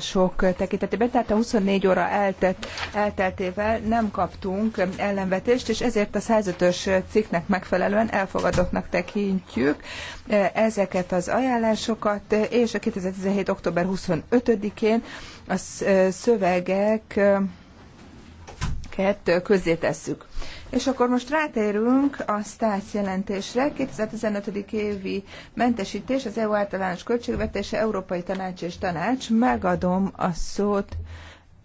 Sok tekintetében, tehát a 24 óra eltelt, elteltével nem kaptunk ellenvetést, és ezért a 105-ös cikknek megfelelően elfogadottnak tekintjük e, ezeket az ajánlásokat, és a 2017. október 25-én a e, szövegek e, ezeket közzétesszük. És akkor most rátérünk a STÁSZ jelentésre. 2015. évi mentesítés, az EU általános költségvetése, Európai Tanács és Tanács. Megadom a szót